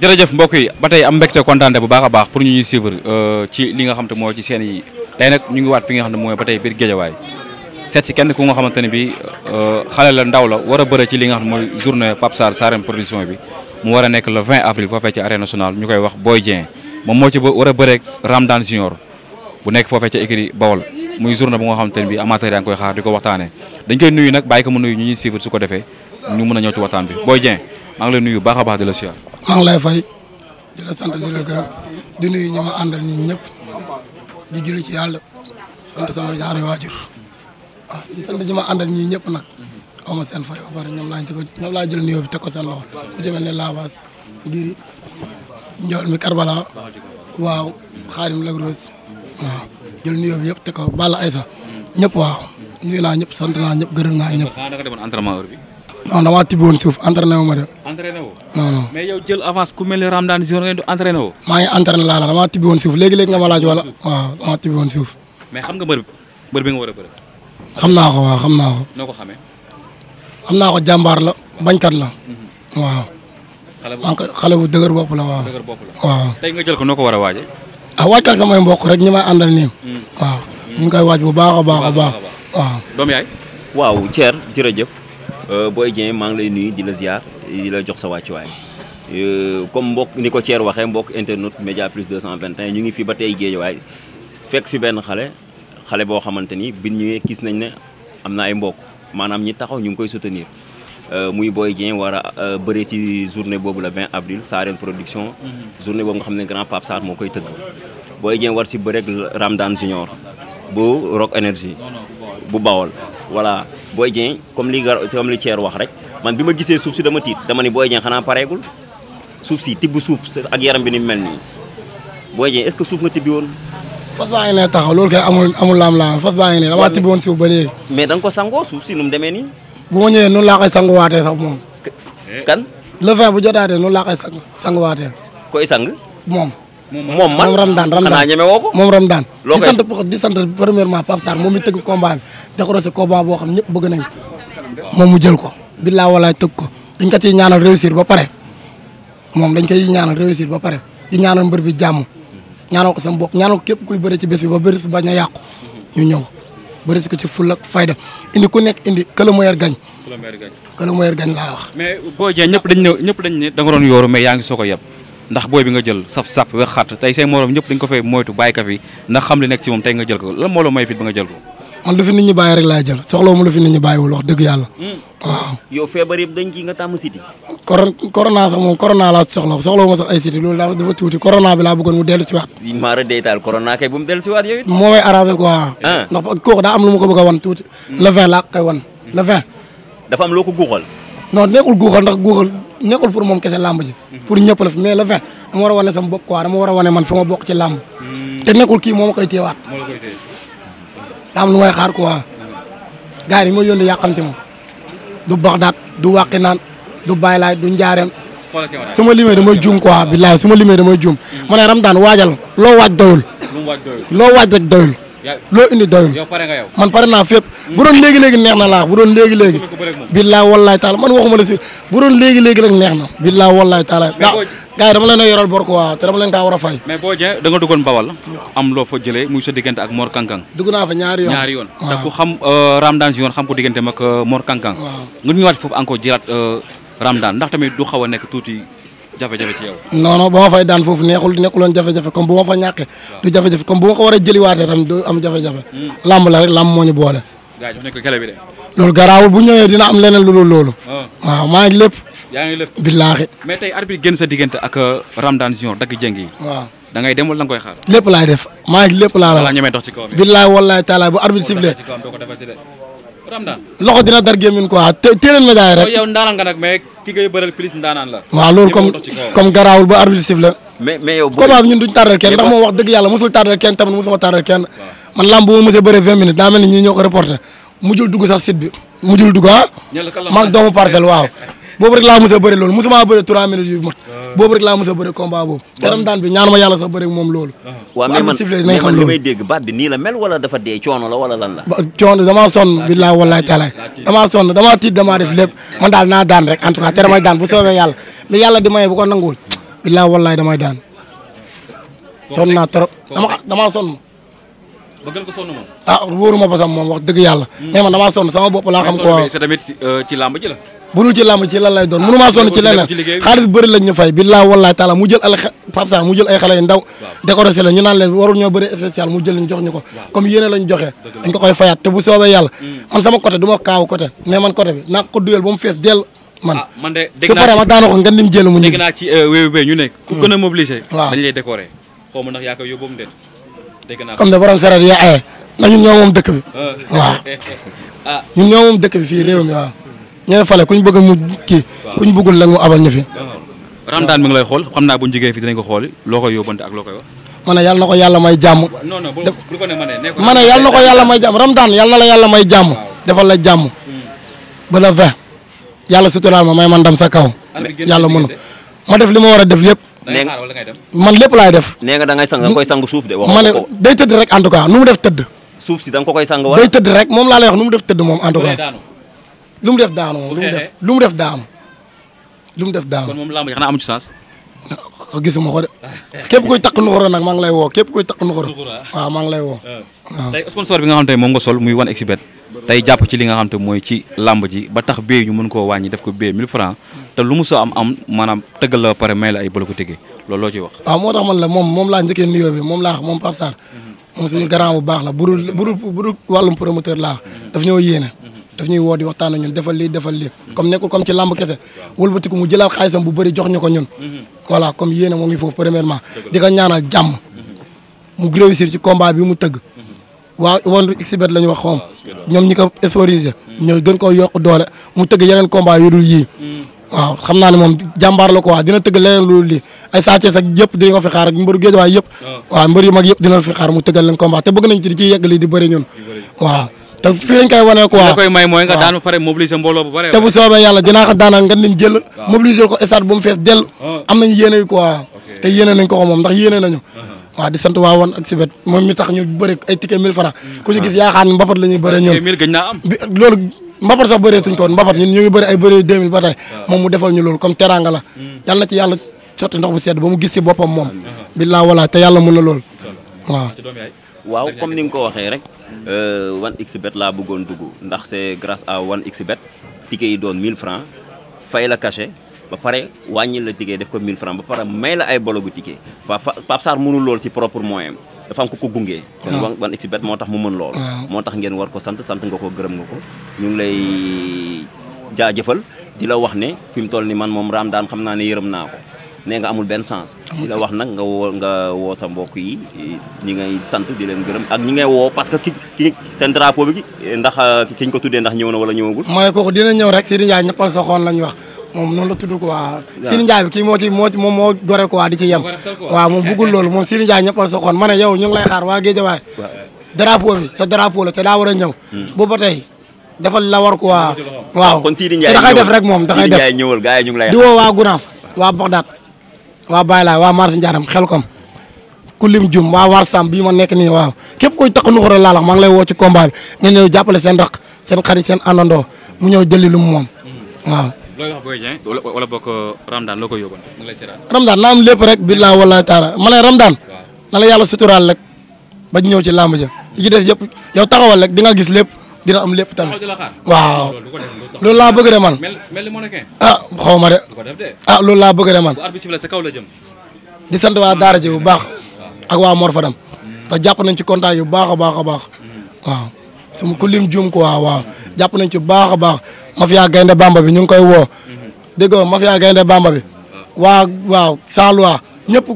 jërëjëf mbokk yi ba tey am mbégte kontaan bu baax a baax pour ñu ñuy suivre euh, ci li nga xam te moo ci seen yi nag ñu ngi waat fi nga xam ne mooy ba tey biir géejawaay seet si kenn ku nga xamante ne bi euh, xale la ndaw la war a bëre ci li nga xam mooy journée Pape Sarr Sarène production bi mu war nekk le 20 avril foofee ci arène nationale ñu koy wax Boy Dieng moom moo ci war a bëreek Ramdan Junior bu nekk foofee ca écurie Bawol muy journée bu nga xamante ne bi amateur yaa ko waxtaanee dañ koy nuyu nag bàyyi ko su ko defee ñu a ñëw ci bi Boy Dieng maa ngi lay nuyu baax a maa ngi lay fay di la sant di la gërëm di nuyu ñi ma ñëpp di julli ci yàlla sant sama ñaari waajur di sant ñi ma àndal ñëpp nag xaw ma seen fay ba pare ñoom laa jël ñoom laa jël nuyoo bi teg ko seen loxo ku ci mel ne Labaas waaw Xaadim Lagros yëpp teg ko Balla Aïssa ñëpp waaw nuyu naa ñëpp sant naa ñëpp gërëm naa ñëpp. non damaa tibboon suuf entraîné wu ma de. No no. non non mais yow jël avance ku mel ni Ramdaan Junior ngeen di entraîné woo. maa ngi entraîné laa la damaa tibbi woon suuf léegi léegi nga ma laaj wala waaw maa tibbi woon suuf. mais xam nga mbër mbër bi nga war a bëri. xam naa ko waaw xam naa ko. noo ko xamee. xam naa ko jàmbaar la bañkat la. Mhm. waaw. xale bu xale bu dëgër bopp la waaw. dëgër bopp la waaw. tey ah, mm. euh, Boy Dieng maa ngi lay nuyu di la ziar yi la jox sa wàccuwaay comme mbokk ni ko Thierre waxee mbokk internet Média Plus 221 ñu ngi fi ba tey géejawaay fekk fi benn xale xalé bo xamanteni ni bi ñëwee gis nañ ne amna ay mbokk manam ñi taxaw ñu ngi koy soutenir euh muy Boy Dieng wara a euh, bëree ci journée bobu le 20 avril Sarène production mhm. journée boobu nga xamné grand pap sar mo koy tëgg Boy Dieng war ci bëreeg Ramdan Junior bu Rock energy bu Bawol voilà Boy Dieng comme li gar comme li tier wax rek man bima gisee suuf si dama tiit dama ni Boy Dieng xanaa pareegul suuf si tibbu suuf ak yaram bi ni mel nii Boy est-ce que suuf nga tibbi woon. fas baa ngi ne taxaw loolu kay amul amul laam laam fas baa ngi ne dama tibbi woon suuf ba léegi. mais da nga ko sangoo suuf si nu mu demee nii. bu ma ñëwee noonu laa koy sanguwaatee sax moom. kan. le vin bu jotaatee noonu laa koy sang sanguwaatee. koy sang. moom. moom man moom ramdan Ramdaan xanaa ñeme woo ko. moom Ramdaan. loo koy di sant di sant premièrement pap sar moom mi tëgg combat bi décroché combat boo xam ñëpp bëgg nañ ko moom mu jël ko billaa walaay tëgg ko dañ ko ciy ñaanal réussir ba pare moom dañ koy ñaanal réussir ba pare di ñaanal mbër bi jàmm ñaanal ko sama bopp ñaanal ko képp kuy bëri ci bés bi ba bëri su bañ a yàqu ñu ñëw bëri si ko ci fulla ak fayda indi ku nekk indi këla gañ këla moyer gañ laa wax mais boo jee ñëpp dañ ne ñëpp dañ ne da nga doon yooru mais yaa ngi soo ko yeb ndax booy bi nga jël saf sap wex xat tey say morom ñëpp dañ ko fay moytu bàyyi ka fi ndax xam li nekk ci moom tey nga jël ko lan moo la may fit nga jël man lu fi nit ñi bàyyi rek laay jël soxla mu lu fi nit ñi bàyyiwul wax dëgg yàlla. Hmm. waaw yow feebar yëpp dañ ci nga tàmm siti. cor corona sax moom corona laa soxla soxla wu ma sax ay siti loolu dafa dafa tuuti corona bi laa bëggoon mu dellu si waat. maara day taal corona kay bu mu ah. daa am lu ma ko bëgg a wan tuuti. Hmm. le vin laa koy wan le vin. dafa am loo ko guuxal. non nekkul guuxal ndax guuxal nekkul pour moom kese làmb ji. Hmm. pour ñëpp la fi mais le vin dama war a wane sama bopp quoi dama a wane man fi ma bokk ci làmb. te nekkul kii moo ma koy téewaat. moo la koy téye daa am lu may xaar quoi gars yi ñu ma yónni yàqamti ma du Baxdaat du Wàqinaan du Baylaay du Njaareem. su ma limee damay juum quoi billaay su ma limee damay juum. ma ne Ramadaan waajal loo waaj doyul. loo waaj rek loo indi doyul man pare naa fépp bu doon léegi-léegi neex na laa bu doon léegi-léegi billaa wallaay taala man waxuma la si bu doon léegi-léegi rek neex na billaa wallaay taala ah, gars yi dama leen a yoral bor ko waaw te dama leen kaa a fay mais boo jee da nga duggoon bawal am loo fa jëlee muy sa diggante ak moor Kankang dugg naa fa ñaari yoon ñaari yoon te ku xam euh, Ramdan Junior xam ko diggante ak euh, Mor Kankang nga ñëwaat foofu encore jëlaat euh, Ramdan ndax tamit du xaw a nekk tuuti jafe-jafe ci yow. non non ba ma fay daan foofu neexul nekkuloon jafe-jafe comme bu ma fa ñàkkee. du jafe-jafe comme bu ma ko war a jëliwaatee tam du am jafe-jafe. Hmm. làmb la rek làmb moo ñu boole. gars jox nañ ko kele bi de. loolu garaawul bu ñëwee dina am leneen lu dul loolu. Ah. waaw maa ngi lépp. yaa ngi lépp billaahi. mais tey arbitre génn sa diggante ak euh, Ramdan Junior dagg jëng waaw da ngay dem wala koy xaar. lépp laay def maa ngi lépp laa la. wala ñemee dox ci kawam. billaahi wallaahi taala bu arbitre sifflé loxo dina dar gémmiñ quoi te téeleen ma jaay rek. yow ndaanaan comme comme garaawul ba arbitre sif la. mais mais yow combat bi ñun duñ tardel kenn ndax moom wax dëgg yàlla mosul tardel kenn tamit ma mosee bëree 20 minutes daa mel ni ñii ñoo ko reporté mujjul dugg bi mujjul dugg ah. maag doomu parcelle waaw boobu rek laa mosee bëri loolu mosuma bëri 3 minutes yu mat boobu rek laa mos a bëri combat boobu. teram daan bi ñaanuma yàlla sax bëri moom loolu. waaw mais man mais man li may dégg baat bi nii la mel wala dafa dee coono la wala lan la. ba coono damaa sonn billaahi wallaahi taala damaa sonn damaa tiit damaa def lépp man daal naa daan rek en tout cas te damay daan bu soobee yàlla li yàlla di maye bu ko nanguwul daan sonn naa trop ba gën ko sonn moom. ah wóoruma ba sam moom wax dëgg yàlla. Hmm. mais man damaa sonn sama bopp xam. quoi mais euh, bu dul ci làmb ci lan doon mënumaa sonn ci leneen xaalis bëri lañ fay billaahi wallaahi taala mu jël al Pape Sarr mu jël ay xale yu ndaw décoré la ñu naan leen warul ñoo bëri spécial mu jël ñu ñu ko comme yéene lañ joxe dañ koy fayaat te bu soobee yàlla hmm. man sama côté du ma kaaw côté man côté bi naa ko duyal ba mu fees dell man ah, su paree ma daana ko nga nim jël mu euh, ñu hmm. dégg comme ne borom saret ya aye eh, na ñun ñoo moom dëkk bi waaw ah. ñun ñoo moom dëkk bi fii réew mi waaw ñooy fale kuñ bëgg mu kii kuñ bëggul la mu abal ñu fi ah. ramdaan mi ngi lay xool xam naa fi dinañ ko xool ak may jamu, ma ne may jàmm ramdan yàlla la yalla may jamu, defal la jàmm ba la vingt yàlla suturaal ma may man dam sa kaw yàlla mënu ma def li man lepp lay def ne nga da ngay sang koy sang souf de wax man day teud rek en tout cas numu def teud souf si dang ko koy sang wala day teud rek mom la lay wax numu def teud mom en tout cas lu def daanu moom def lu def daanu lu def daanu kon mom lamb xana amu ci sens ah, gisuma ko de kep koy takk nuxura nag maa ngi lay wo kep koy takk nuxura ah. waaw ah, maa ngi lay wo euh. tay sponsor bi nga xam tay mom nga sol muy wan exibet tey jàpp ci li nga xam te mooy ci làmb ji ba tax bee ñu mën koo wàññi def ko bee 1000 francs te lu mu soo am am maanaam tëggal la pare may la ay bëla ko tëggee loolu loo ci wax waaw moo tax man la moom moom laa njëkkee nuyoo bi moom laa moom Pape Sarr mhm. moom suñu grand bu baax la budul budul budul wàllum promoteur laa mhm. daf ñoo yéene mhm. daf ñuy woo di waxtaan ak ñun defal lii defal lii comme nekkul comme ci làmb kese wëlbatiku mu jëlaat xaalisam bu bëri jox ñu ko ñun voilà comme yéene moo ngi foofu premièrement di ko ñaanal jàmm mu réussir ci combat bi mu tëgg waaw wondu xibet la ñu wax ñoom ñi ko sponsoriser ñoo gën koo yokk doole mu tëgg yeneen combat yu dul yii waaw xam naa ne moom jàmbaar la ko quoi dina tëgg leneen loolu lii ay sàccees ak yëpp dinañ ko fi xaar ak mbëru waay yëpp ah. waaw yëpp dina fi xaar mu tëggal leen combat te bëgg nañ ci di ciy yegg lii di bëri ñun waaw te fii mooy nga daan ba pare mobiliser mbooloo bu bare te bu soobee yàlla dinaa ko daanaa nga leen jël ah. mobiliser ko stade bu mu fees dell ah. am nañ yéene quoi te yéene nañ ko ko moom ndax yéene nañu waaw di sant wa won ak sibet mom mi tax ñu bëre ay ticket 1000 francs mm. ku ci gis ya xaan mbapat la ñuy bëre ñun loolu mbapat sax bëreetuñ ko woon mbapat ñun ñu ngi bëre ay bëre 2000 ba mom mu defal ñu loolu comme teranga la mm. yalla ci yalla sotti ndox bu sedd ba mu gis ci bopam mom billah wala te yalla mu na loolu waaw waaw comme ni nga ko waxe rek euh 1xbet la bëggoon duggu ndax c'est grâce à 1xbet ticket yi doon 1000 francs fay la cacher ba paré wàññi la ticket def ko 1000 francs ba paré may la ay bologu ticket Pape sar mënul lool ci propre moyen da fam ko ko gungé kon ah. wan wan exibet moo mu mën lool ah. motax ngeen war ko sante sante nga ko gërem nga ko ñu ngi lay jaajëfal di la wax né fim toll ni man mom raam daan xam naa ne yërëm naa nga amul ben sens di la wax nak nga wo nga wo sa mbokk yi ñi ngay sante di leen gërem ak ñi ngay wo parce que ki sen drapeau bi ndax kiñ ko tuddé ndax ñëw na wala ñëwagul mané ne kooku dina ñëw rek sidi ñaan ñaay sa xoon lañ wax moom noonu la tudd quoi. waaw Sini Ndiaye bi kii moo ci moo ci moom moo gore quoi di ci yem. waaw moom bëggul loolu moom Sini Ndiaye ñëpp la soxoon ma ne yow ñu ngi lay xaar waa Guédiawaye. drapeau bi sa drapeau la te daa war a ñëw. Hmm. bu ba tey defal la war quoi. waaw kon Sini Ndiaye ñëwal te dafay def rek moom dafay def di woo waa Gunaas waa Bagdad waa Bayla waa Mars Ndiaram xel kom ku jum waa Warsam bii ma nekk ni waaw képp ko doon laalax maa ngi lay woo ci combat bi nga ñëw jàppale seen raq seen xarit seen àndandoo mu ñëw jëli lu looy wax Boy Dieng wala bokk Ramdan loo koy yóbboon nga lay am lépp rek billaahi wallaahi taala ma ne na la yàlla suturaal rek ba ñëw ci làmb ja li ci des yëpp yow taxawal rek di nga gis lépp dina am lépp tamit waaw loolu laa bëgg de man a ah, xaw ma de a ah, loolu laa bëgg de man di sant waa daara ji bu baax ak waa Mor Fadam te jàpp nañ ci contact yu baax a baax a baax mm. waaw ku lim juum quoi waaw jàpp nañ ci baax a ma mafia gaynde bamba bi ñu ngi koy woo dégg nga mafia gaynde bamba bi waa waaw saaloi ñëpp ku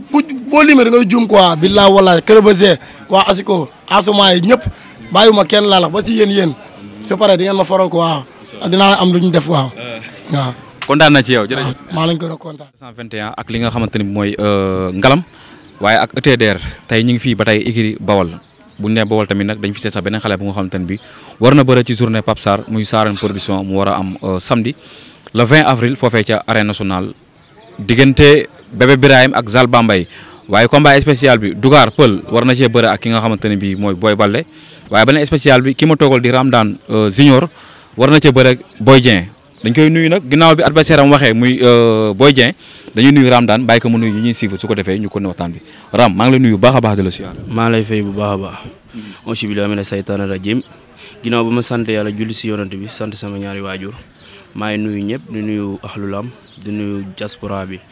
boo limee da ngay juum quoi billaa wala kërëbase waa asiko asuma yi ñëpp bàyyiwuma kenn laalax ba si yéen yéen su paree di ngeen ma faral ko waaw dinaa am lu ñu def waaw eh. waaw kontaan na ci yow jërëjëf ah, maa lañ ko doon kontaan 121 ak li nga xamante ni mooy euh, ngalam waaye ak ETDR tey ñu ngi fii ba tey Ikiri Bawol bu ñu nee Bawol tamit nag dañ fi seet sax beneen xale bu nga xamante ne bi war na bëre ci journée Pape Sarr muy Saareen production mu war am euh, samedi le 20 avril foofee ca arène nationale diggante Bébé Birahim ak Zal Bambay waaye combat spécial bi Dugar Pël war na cee bëre ak ki nga xamante ne bi mooy Boy Baldé waaye beneen spécial bi ki ma toogal di Ramdan euh, Junior war na cee bëre Boy Dieng dañ koy nuyu nag ginnaaw bi adversaire am waxee muy euh, Boy Dieng dañuy nuyu Ram daan bàyyi ko mu nuyu ñu ñuy suivre su ko defee ñu ko ne waxtaan bi Ram maa ngi lay nuyu bu baax a baax di la siyaar. maa lay fay bu baax a baax. auzu billaahi mina saytaani rajiim ginnaaw ba ma sante yàlla julli si yoonante bi sant sama ñaari waajur maa ngi nuyu ñëpp di nuyu axlu lam di nuyu diaspora bi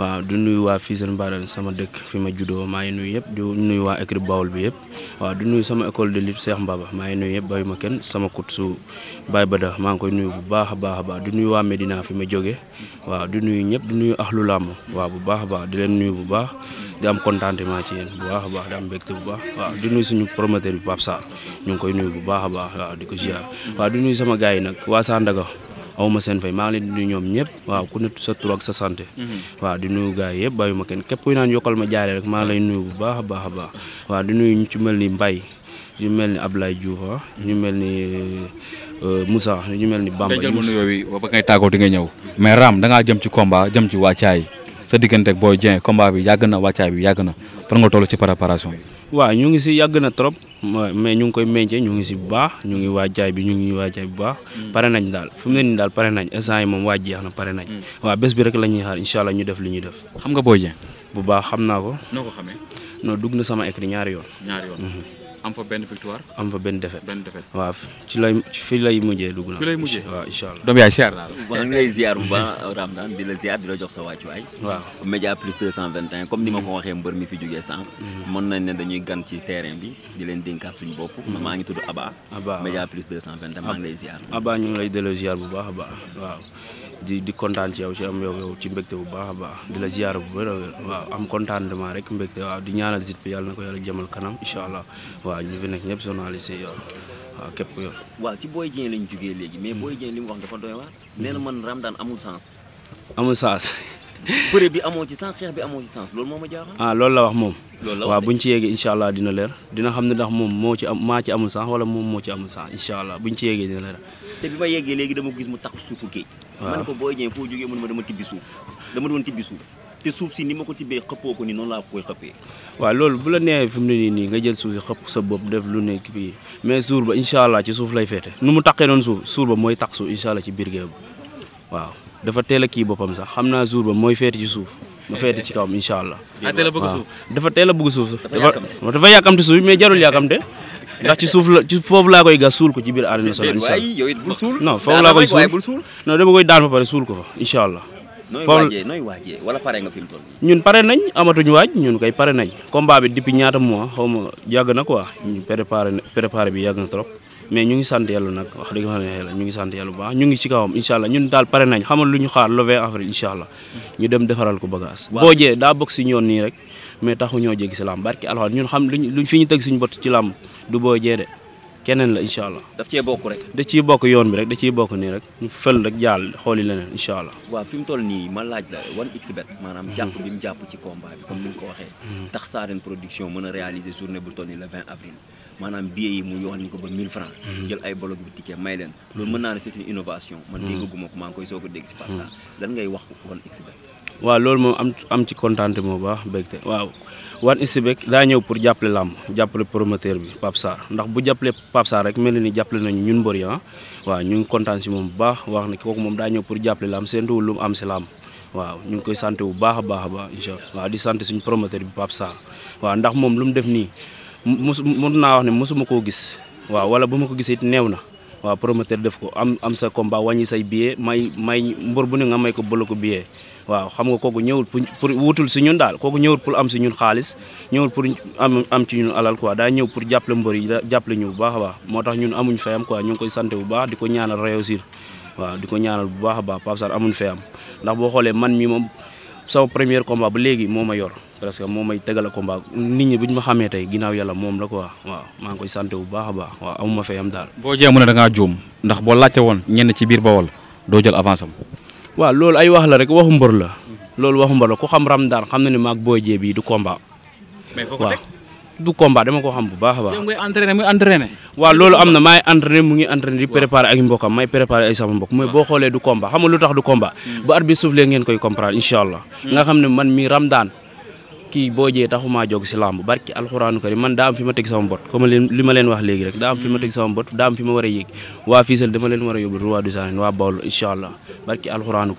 wa du nuyu waa fii seen mbaaral sama dekk fi ma juddoo ma ngi nuyu yeb du nuyu wa écrit bawol bi yeb wa du nuyu sama école de lib Cheikh Mbaba ma ngi nuyu yeb bàyyi ma ken sama kut su Baye Bada ma ngi koy nuyu bu baakha baakha ba du nuyu waa Medina fi ma joge wa du nuyu ñep du nuyu ahlul làmm wa bu baakha ba di len nuyu bu baax di am contentement ci yeen bu baakha a baax di am mbégte bu baax wa du nuyu suñu promoteur bi pap Sarr ñu ngi koy nuyu bu baakha a baax waaw di ko ziar wa du nuyu sama gaay nak wa sa ndaga aw ma seen fay maa ngi di nuyu ñoom ñëpp waaw ku ne sa tur sa santé. Mhm. waaw di nuyu gaa yi yëpp bàyyi ma kenn képp kuy naan yokkal ma jaaree rek maa ngi lay nuyu bu baax baax a baax waaw di nuyu ñu ci mel ni mbay ñu mel ni Ablaye Diouf ah. ñu mel ni euh, euh, Moussa ñu mel ni Bamba. ngay jël ma nuyoo bi ba di nga ñëw mais Ram da jëm ci komba jëm ci waa Thiaye sa diggante boo Boy Dieng combat bi yàgg na wàccaay bi yàgg na fan nga toll ci préparation bi. waaw ñu ngi si yàgg na trop mais ñu ngi koy meññee ñu ngi si bu baax ñu ngi waajaay bi ñu ngi waajaay bu baax mm. pare nañ daal fu mu ne nii daal pare nañ instant yi moom waaj jeex na pare nañ. Mm. waaw bés bi rek la ñuy xaar incha allah ñu def li ñuy def. xam nga boo Dieng. bu baax xam naa ko. noo ko xamee. noo dugg na sama écrit ñaari yoon. ñaari yoon. Mm-hmm. am fa benn victoire. am fa benn défaite benn défaite. waaw ci lay fi lay mujjee dugg na. fi lay mujjee waaw incha allah. doom yaay ziar naa ba waaw ngi lay ziar bu baax Ramdan di la ziar di la jox sa wàccuwaay. waaw média plus 221 comme ni ma ko mm-hmm. waxee mbër mi fi jógee sànq. Mm-hmm. mën nañ ne dañuy gan ci terrain bi di leen dénkaat suñu bopp. Mm-hmm. maa ngi tudd Aba. Aba média plus 221 maa ngi lay ziar. Aba ñu ngi lay delloo ziar bu baax a waaw. di di kontaan ci yow ci am yow yow ci mbégte bu baax a baax di la ziyaara bu wér a waaw am contentement rek mbégte waaw di ñaanal site bi yàlla na ko yàlla jëmal kanam incha allah waaw ñu fi nekk ñëpp journaliste yow waaw képp ku yor. waaw ci Boy Dieng lañ jugee léegi mais Boy Dieng li mu wax dafa doy waar nee na man Ramdan amul sens. amul sens. bëre bi amoo ci sens xeex bi amoo ci sens loolu moom ma jaaxal. ah loolu la wax moom. waaw buñ ci yéegee incha allah dina leer dina xam ne dax moom moo ci am maa ci amul sax wala moom moo ci amul sax incha allah buñ ci yéegee dina leer te bi ma yéegee léegi dama gis mu tax suufu géej man ko booy ñëwee foo mu ne ma dama tibbi suuf dama doon tibbi suuf te suuf si ni ma ko tibbee xëppoo ko ni noonu laa koy xëppee waaw loolu bu la nee fi mu ne nii nii nga jël suuf si xëpp sa bopp def lu nekk fii mais suur ba incha allah ci suuf lay féete nu mu taqee noonu suuf suur ba mooy taq suuf incha allah ci biir géej waaw dafa teel a kii boppam sax xam naa jour ba mooy feeti ci suuf ma feeti ci kawam incha allah. Ah, dafa teela a suuf dafa dafa yàkkamte suuf mais jarul yàkkamte ndax ci suuf la ci foofu laa koy ga suul ko ci biir arène nationale incha allah non foofu laa koy suul non dama koy daan ba pare suul ko fa incha allah. wala pare nga fi ñun pare nañ amatuñ waaj ñun kay pare nañ combat bi depuis ñaata mois xaw ma yàgg na ko ñu préparé préparé bi yàgg na trop. mais ñu ngi sant yàlla nag wax dëgg yàlla ñu ngi sant ñu ngi ci kawam incha allah ñun daal pare nañ xamal lu ñu xaar le 20 avril incha ñu dem defaral ko bagage boo jee daa bokk si ñoon nii rek mais taxu ñoo jéggi si làmb barki alxames ñun xam luñ luñ fi ñu teg suñu bot ci làmb du boo jee de keneen la incha daf cee bokk rek. da ciy bokk yoon bi rek da ciy bokk nii rek ñu fël rek jàll xooli leneen incha allah. waaw fi mu toll nii ma laaj la wan xbet maanaam mhm. jàpp bi mu jàpp ci combat bi comme ni nga ko waxee. Mhm. tax Sarene production mën a réaliser bu toll nii le 20 avril maanaam billet mu yoxal ñu ko ba 1000 francs mhm. jël ay bolog bi ticket may leen mhm. loolu mën naa ne c'est une innovation man mhm. déggaguma ko maa ngi koy soog a dégg si par ngay wax wan waaw loolu moom am am ci kontaan moo baax bégte waaw wan xbet daa ñëw pour jàppale làmb jàppale promoteur bi Pape Sarr ndax bu jàppale Pape Sarr rek mel na ni jàppale nañu ñun mbër yi ah. waaw ñu kontaan si moom bu baax wax ne kooku moom daa ñëw pour jàppale làmb seen lu mu am si làmb ñu ngi koy sant bu baax a baax a baax incha waaw di sant suñu promoteur bi Pape Sarr waaw ndax moom lu mu def nii mosu mën naa wax ne ma koo gis waaw wala bu ma ko gisee it neew na waaw promoteur def ko am am sa combat wàññi say billet may may mbër bu ne nga may ko bëla ko billet waaw xam nga kooku ñëwul pour wutul si ñun daal kooku ñëwul pour am si ñun xaalis ñëwul pour am am ci ñun alal ko daa ñëw pour jàppale mbër yi jàppale ñu bu baax baax moo tax ñun amuñ fayam quoi ñu ngi koy sant bu baax di ko ñaanal réussir waaw di ko ñaanal bu baax a baax Pape Sarr amuñ fayam sama premier combat ba léegi moo ma yor parce que moo may tegal a combat nit ñi bu ñu ma xamee tey ginnaaw yàlla moom la quoi waaw maa ngi koy sant bu baax a baax waaw amuma fayam daal. boo jéem ne da ngaa juum ndax boo laajte woon ñenn ci biir Bawol doo jël avance am. loolu ay wax la rek waxu mbër la. loolu waxu mbër la ku xam Ramdaan xam na ne maag booy jee bii du combat. mais du combat dama ko xam bu baax a baax. yow ngay entraîné muy entraîné. waaw loolu am na maay entraîné mu ngi entraîné di préparé ak mbokkam may préparé ay sama mbokk mooy boo xoolee du combat xam nga lu tax du combat. Mm. bu at bi suuf lee ngeen koy comprendre incha allah. Mm. nga xam ne man mi Ramdaan kii boo jee taxumaa jóg si làmb barki alxuraanu karim man daa fi ma teg sama bot comme li ma leen wax léegi rek daa fi ma teg sama bot daa fi ma war a yéeg waa Fisal dama leen war a yóbbu roi du Sane waa Bawol incha allah barki alxuraanu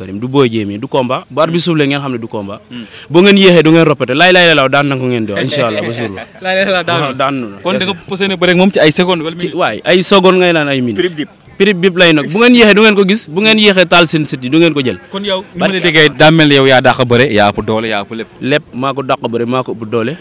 karim moom ci ay seconde wala ay seconde ngay naan ay minute prix bip lay nak bu ngeen yexé du ngeen ko gis bu ngeen yexé tal seen site du ngeen ko jël kon yow ñu mëna digay da mel yow ya daxa bëré ya ëpp doole ya ëpp lepp lepp mako daxa bëré mako ëpp doole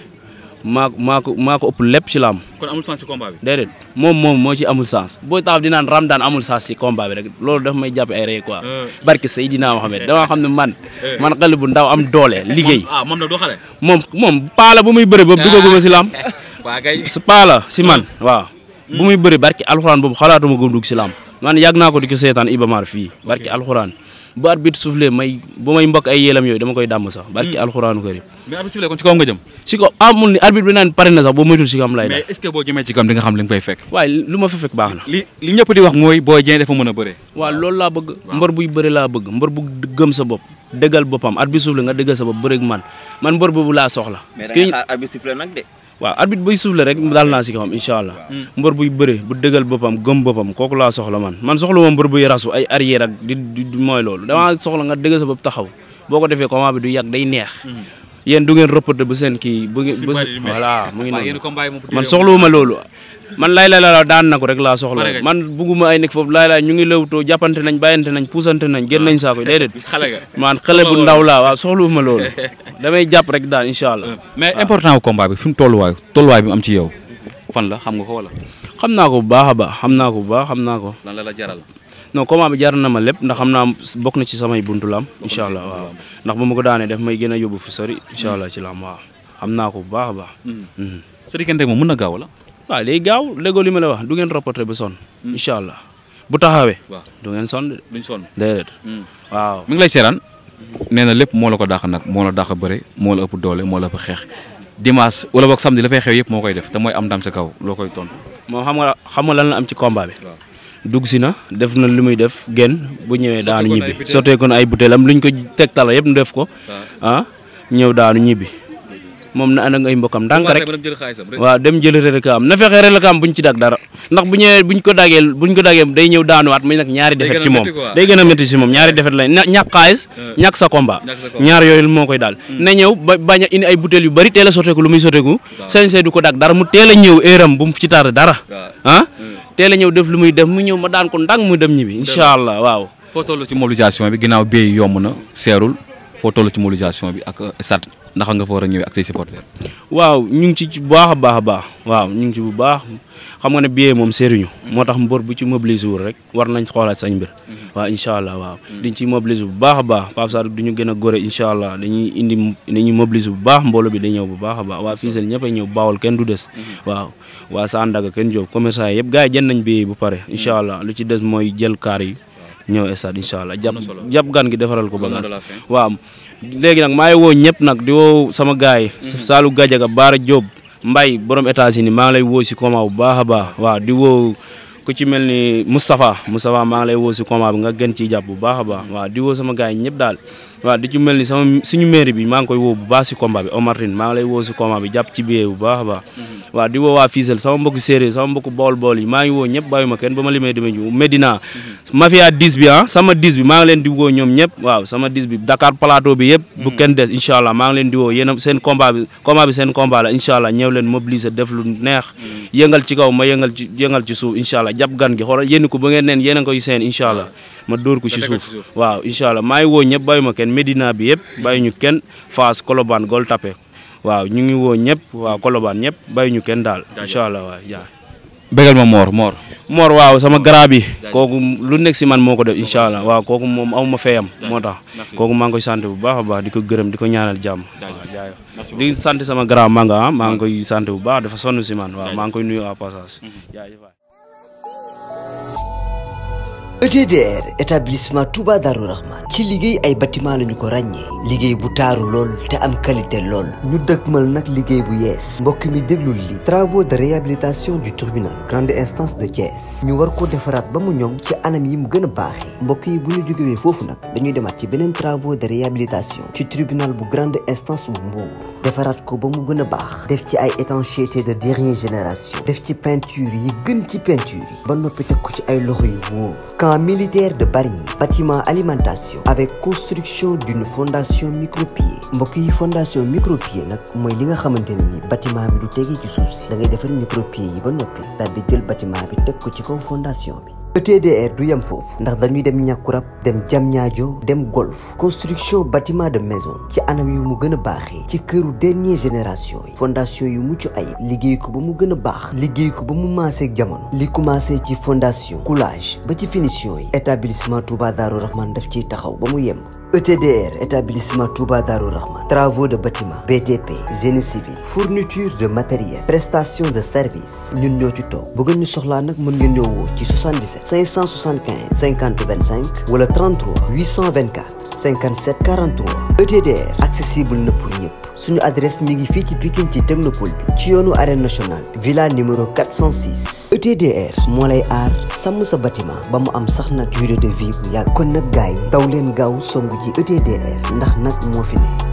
mako mako mako ëpp lepp ci lam kon amul sens ci combat bi dedet mom mom mo ci amul sens boy taw di nan ramdan amul sens ci combat bi rek lolu daf may japp ay ré quoi euh. barki sayidina mohammed dama xamne man euh. man xel bu ndaw am doole liggey ah mom la do xalé mom mom pala bu muy bëré ba duggaguma ci lam wa gay pala ci man euh. waaw bu muy bëri barki alxuraan boobu xalaatuma ko dugg si lamb man yàgg naa ko di ko seetaan Ibamar fii barki alxuraan bu at biit soufflé may bu may mbokk ay yeelam yooyu dama koy dàmm sax barki hmm. alxuraanu karim mais arbitre soufflé kon ci nga jëm si kaw amul ah, ni arbitre bi naan pare na sax boo moytul si kawam lay mais xam li nga fay fekk waaye lu ma fa fekk baax li ñëpp di wax mooy Boy Dieng dafa mën a bëre waaw loolu laa bëgg mbor buy bëre waaw arbitre bay suuf la rek daal naa si kawam incha allah hmm. mbër buy bëre bu dëggal boppam gëm boppam kooku laa soxla man man soxla moom mbër buy rasu ay arrière ak di mooy loolu dama soxla nga dëggal sa bopp taxaw boo ko defee combat bi du yàgg day neex hmm. yéen du ngeen reporté bu seen kii bu ngeen voilà mu ngi noonu man soxlawuma loolu man laay laay la daan na ko rek laa soxla man bugguma ay nekk foofu laay laay ñu ngi lewtoo jàppante nañ bàyyante nañ puusante nañ génn nañ saa saako déedéet man xale bu ndaw laa waaw ma loolu damay jàpp rek daal incha allah euh, mais important combat bi fi mu tolluwaay tolluwaay bi mu am ci yow fan la xam nga ko wala xam naa ko bu baax a baax xam naa ko bu baax xam naa ko lan la la jaral non combat bi jar na ma lépp ndax xam naa bokk na ci samay buntu laam incha allah waaw ndax bu ma ko daanee def may gën a yóbbu fu sori incha allah ci laam waaw xam naa ko bu baax a baax mm-hmm. mm-hmm. sa diggante moom mun na gaaw la waaw day gaaw léegoo li ma la wax du ngeen reporté ba sonn mm-hmm. incha allah bu taxawee du ngeen sonn duñ sonn déedéet ngi lay seeraan nee na lépp moo la ko dàq nag moo la dàq bëre moo la ëpp doole moo la ëpp xeex dimaas wala boog samedi la fay xew yëpp moo koy def te mooy am ndam si kaw loo koy tontu moom xam nga xam nga lan la am ci combat dugg si na def na lu muy def genn bu ñëwee daanu ñibbi sottee ko na ay butéel am lu ñu ko tegtal yëpp def ko ah. ah ñëw daanu ñibbi moom na ànd ak ay mbokkam ndànk rek waaw dem jël am na fexe relakaam buñ ci dag dara ndax bu ñëwee buñ ko dagee buñ ko dagee day ñëw daanuwaat muy nag ñaari defet ci moom day gën a métti si moom ñaari eh. defet la ñàkk xaalis eh. ñàkk sa combat ñaar yooyu moo koy daal hmm. na ñëw ba bañ a indi ay butéel yu bari teela a soteeku lu muy soteeku sañ see du ko dag dara mu teel a ñëw eeram bu mu ci tar dara ah hmm. teel a ñëw def lu muy def mu ñëw ma daan ko ndànk mu dem ñibbi incha allah waaw. foo toll ci bi ginnaaw béy yomb na seerul foo toll ci mobilisation bi ak sat ndax nga fa a ñëwee ak supporter waaw ñu ngi ci bu baax a baax a baa waaw ñu ngi ci bu baax xam nga ne billet moom seeruñu moo tax mbër bu ci mobiliser wul rek war nañ xoolaat sañ mbir mhm. waaw incha allah waaw mhm. diñ ci mobiliser bu baax a baax Pape Sarr du ñu gën a gore incha allah dañuy indi dañuy mobiliser bu baax mboolo bi day ñëw bu baax a baax waa Fisel ñëpp ay ñëw baawal kenn du des mhm. waaw waa Sandaga kenn jóob commerçant yi yëpp gars yi jënd nañ billet bu pare incha allah lu ci des mooy jël kaar yi ñëw stade incha allah jàpp jàpp gan gi defaral ko bagage waaw léegi nag maa ngi woo ñëpp nag di woo sama gars yi. Mhm. Saalu Gajaga a Diop Mbay borom États-Unis maa ngi lay woo si combat bu baax a baax waaw di woo ku ci mel ni mustafa Moustapha maa ngi lay woo si combat bi nga gën ci jàpp bu baax a baax waaw di woo sama gars yi ñëpp daal. waaw di ci mel ni sama suñu mairie bi maa ngi koy woo bu baax si combat bi Omarine maa ngi lay si combat bi jàpp ci biir bu baax a baax. Mhm. waaw di woo waa Fisel sama mbokku séeréer sama mbokku bool-bool yi maa ngi woo ñëpp bàyyi ma kenn ba ma limee demee ñu Medina. Mhm. mafia 10 bi ah sama 10 bi maa ngi leen di woo ñoom ñëpp waa sama 10 bi Dakar plateau bi yëpp. bu mhm. kenn des incha allah maa ngi leen di woo yéen seen combat bi combat bi seen combat la incha allah ñëw leen mobiliser def lu neex. yëngal ci kaw ma yëngal ci yëngal ci suuf incha allah jàpp gan gi ko ba ngeen neen yéen seen incha allah ma door ko ci souf waaw inshallah allah wo ñep bayuma ken Medina bi yep bàyyi ñu kenn Fass gol Gueule Tapée waaw ñu ngi wo ñep waaw Colobane ñep bàyyi ñu kenn daal allah waaw jaa ma Mor Mor. Mor waaw sama grabi bi lu nekk si man moko def inshallah allah waaw kooku mom awuma feyam motax tax mang koy sante bu baax baax di ko diko ñaanal di sante sama grand manga ah, mangko koy sante bu baax dafa sonu si man waaw mang koy nuyu a passage mhm. ETDR établissement Touba Darou Rahman ci liguey ay bâtiment lañu ko ragné liguey bu taru lol te am qualité lol ñu dëgmal nak liguey bu yees mbokk mi déglul li travaux de réhabilitation du tribunal grande instance de Thiès ñu war ko défarat ba mu ñoŋ ci anam yi mu gëna baxé baaxee mbokk yi bu ñu jógewee fofu nak dañuy démat ci benen travaux de réhabilitation ci tribunal bu grande instance bu Mbour défarat ko ba mu gëna bax def ci ay étanchéité de dernière génération def ci peinture yi gën ci peinture yi ba nopi teg ko ci ay loxo yu wóor Bâtiment militaire de Bargny bâtiment alimentation avec construction d'une fondation micropieux Mbokki fondation micropieux nak moy li nga xamanteni ni bâtiment bi du tegee ci souf ci da ngay defar micropieux yi ba noppi dal di jël bâtiment bi teg ko ci kaw fondation bi ETDR du yem foofu ndax dañuy dem ñàkkurab dem ñaajo dem golf construction bâtiment de maison ci anam yu mu gën a baaxee ci këru dernier génération yi fondation yu mucc ayib liggéey ko ba mu gën a baax liggéey ko ba mu maaseeg jamono li commencé ci fondation coulage ba ci finition yi établissement Touba Darou Rahman daf ciy taxaw ba mu yem ETDR, établissement Touba Darou Rahman, travaux de bâtiment, BDP génie civil, fourniture de matériel, prestation de services nous Tuto, ci toog bu ñu 77 575 50 25 le 33 824 57 43 ETDR accessible ne pour ñëpp suñu adresse mi ngi fii ci Pikine ci technopole nationale villa numéro 406 ETDR moo lay aar sàmm sa bâtiment ba mu am durée de vie bu yàgg kon nag gars yi gaaw ETDR ndax nag